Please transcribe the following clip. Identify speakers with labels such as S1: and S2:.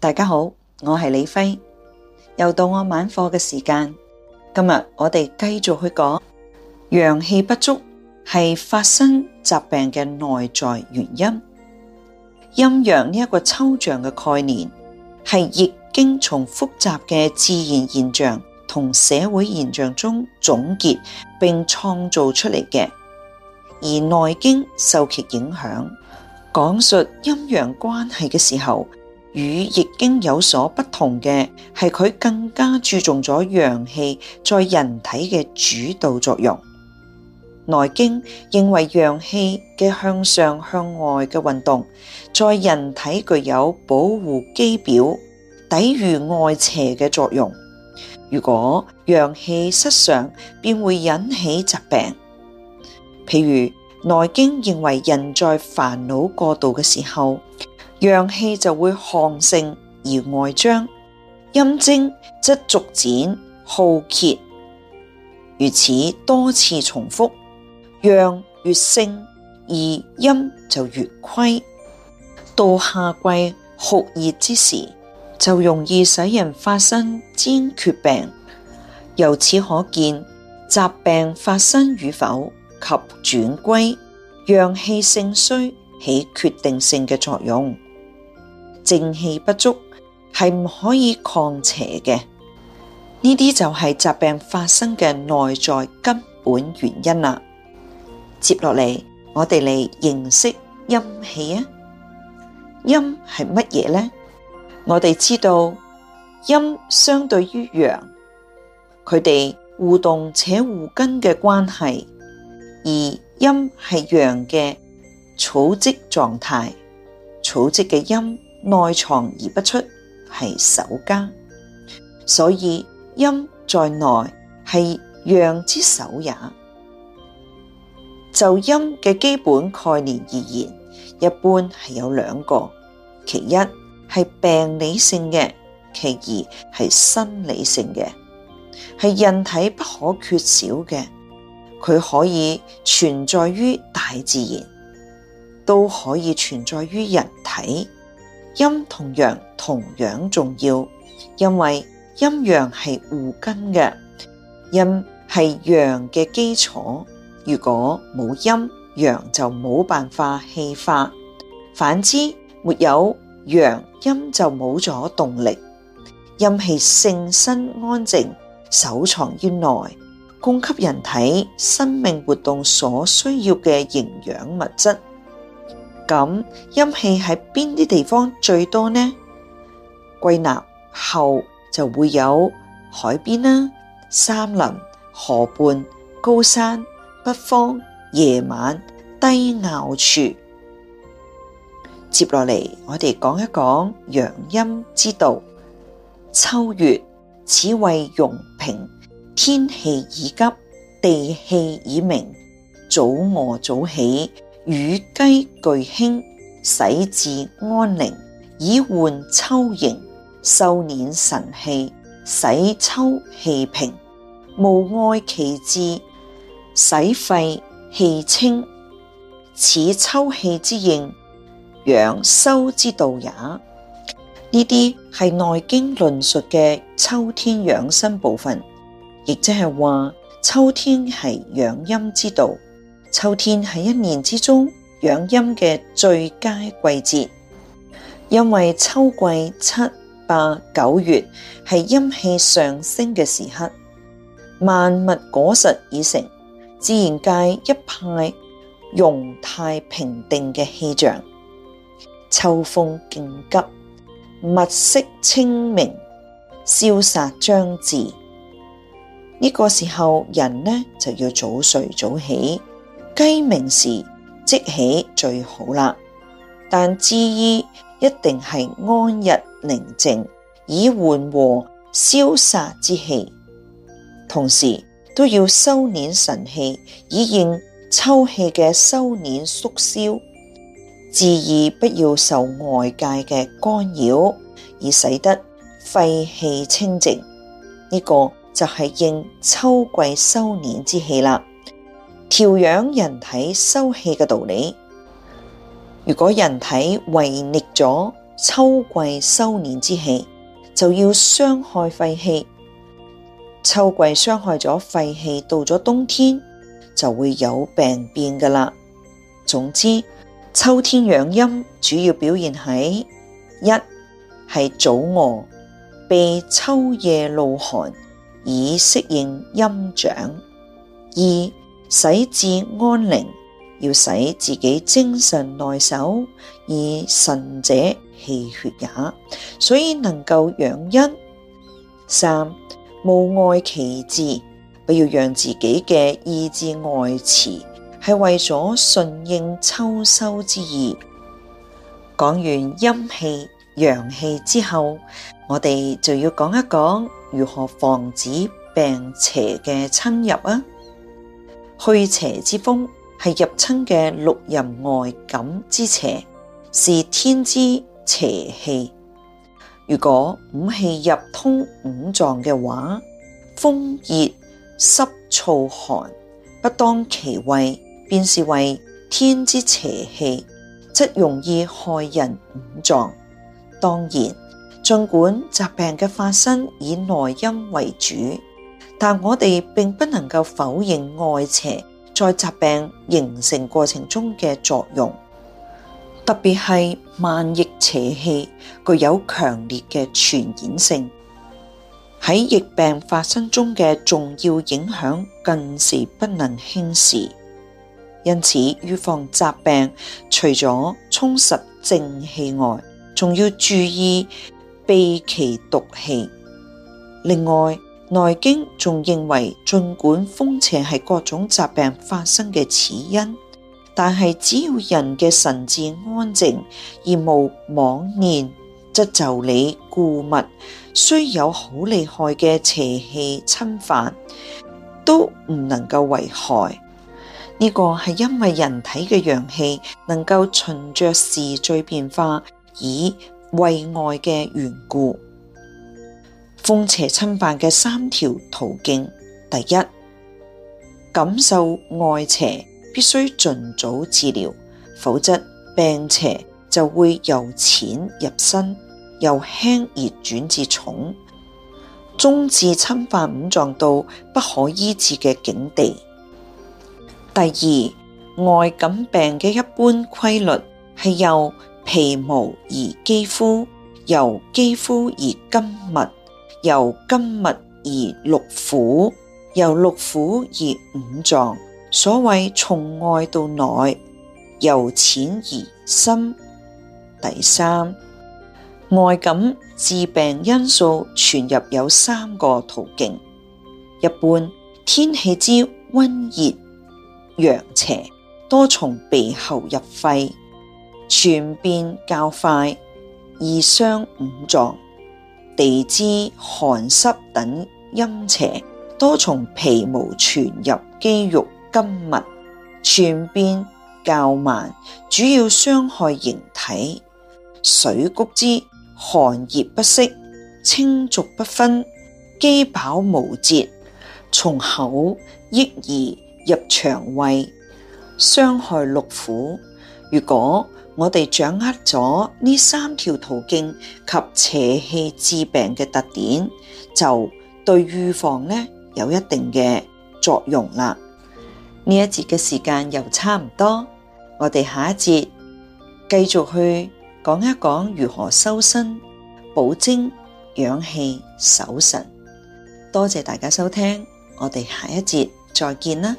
S1: 大家好，我係李輝，又到我晚課嘅時間。今日我哋繼續去講陽氣不足係發生疾病嘅內在原因。陰陽呢一個抽象嘅概念，係《易經》從複雜嘅自然現象同社會現象中總結並創造出嚟嘅。而《內經》受其影響，講述陰陽關係嘅時候，與易經有所不同嘅係佢更加注重咗陽氣在人體嘅主導作用。內經認為陽氣嘅向上向外嘅運動，在人體具有保護肌表、抵禦外邪嘅作用。如果陽氣失常，便會引起疾病。譬如內經認為人在煩惱過度嘅時候。陽氣就會亢盛而外張，陰精則逐漸耗竭。如此多次重複，陽越盛而陰就越虧，到夏季酷熱之時，就容易使人發生煎厥病。由此可見，疾病發生與否及轉歸，陽氣盛衰起決定性嘅作用。正氣不足係唔可以抗邪嘅，呢啲就係疾病發生嘅內在根本原因啦。接落嚟，我哋嚟認識陰氣啊。陰係乜嘢呢？我哋知道陰相對於陽，佢哋互動且互根嘅關係，而陰係陽嘅儲積狀態，儲積嘅陰。內藏而不出，係守家，所以陰在內係陽之守也。就陰嘅基本概念而言，一般係有兩個，其一係病理性嘅，其二係生理性嘅，係人體不可缺少嘅。佢可以存在於大自然，都可以存在於人體。陰同陽同樣重要，因為陰陽係互根嘅，陰係陽嘅基礎。如果冇陰，陽就冇辦法氣化；反之，沒有陽，陰就冇咗動力。陰氣性身安靜，守藏於內，供給人體生命活動所需要嘅營養物質。咁陰氣喺邊啲地方最多呢？歸納後就會有海邊啦、山林、河畔、高山、北方、夜晚、低坳處。接落嚟，我哋講一講陽陰之道。秋月，此謂容平，天氣已急，地氣已明，早臥早起。與雞俱興，使志安寧，以緩秋刑，收斂神氣，使秋氣平，無外其志，使肺氣清，此秋氣之應，養收之道也。呢啲係《內經》論述嘅秋天養生部分，亦即係話秋天係養陰之道。秋天係一年之中養陰嘅最佳季節，因為秋季七八九月係陰氣上升嘅時刻，萬物果實已成，自然界一派容態平定嘅氣象。秋風勁急，物色清明，消殺將至。呢、這個時候，人呢就要早睡早起。雞鳴時即起最好啦，但注意一定係安逸寧靜，以緩和消殺之氣。同時都要收斂神氣，以應秋氣嘅收斂縮消。注意不要受外界嘅干擾，以使得肺氣清淨。呢、這個就係應秋季收斂之氣啦。調養人體收氣嘅道理，如果人體違逆咗秋季收斂之氣，就要傷害肺氣。秋季傷害咗肺氣，到咗冬天就會有病變㗎喇。總之，秋天養陰主要表現喺一，係早臥，避秋夜露寒，以適應陰長；二，使志安寧，要使自己精神內守，以神者氣血也，所以能夠養陰。三，無外其志，不要讓自己嘅意志外馳，係為咗順應秋收之意。講完陰氣、陽氣之後，我哋就要講一講如何防止病邪嘅侵入啊！去邪之風係入侵嘅六淫外感之邪，是天之邪氣。如果五氣入通五臟嘅話，風熱、濕燥、寒不當其位，便是為天之邪氣，則容易害人五臟。當然，盡管疾病嘅發生以內因為主。但我哋並不能夠否認外邪在疾病形成過程中嘅作用，特別係瘟疫邪氣具有強烈嘅傳染性，喺疫病發生中嘅重要影響更是不能輕視。因此，預防疾病除咗充實正氣外，仲要注意避其毒氣。另外，內經仲認為，儘管風邪係各種疾病發生嘅始因，但係只要人嘅神志安靜而無妄念，則就理固密，雖有好厲害嘅邪氣侵犯，都唔能夠為害。呢個係因為人體嘅陽氣能夠循着時序變化以衛外嘅緣故。風邪侵犯嘅三條途徑：第一，感受外邪必須盡早治療，否則病邪就會由淺入深，由輕而轉至重，終至侵犯五臟到不可醫治嘅境地。第二，外感病嘅一般規律係由皮毛而肌膚，由肌膚而筋脈。由筋脈而六腑，由六腑而五臟。所謂從外到內，由淺而深。第三，外感致病因素傳入有三個途徑。一般天氣之溫熱、陽邪，多從鼻後入肺，傳變較快，易傷五臟。地支寒濕等陰邪，多從皮毛傳入肌肉筋脈，傳變較慢，主要傷害形體。水谷之寒熱不適，清濁不分，飢飽無節，從口益而入腸胃，傷害六腑。如果我哋掌握咗呢三條途徑及邪氣治病嘅特點，就對預防呢有一定嘅作用啦。呢一節嘅時間又差唔多，我哋下一節繼續去講一講如何修身、補精、養氣、守神。多謝大家收聽，我哋下一節再見啦。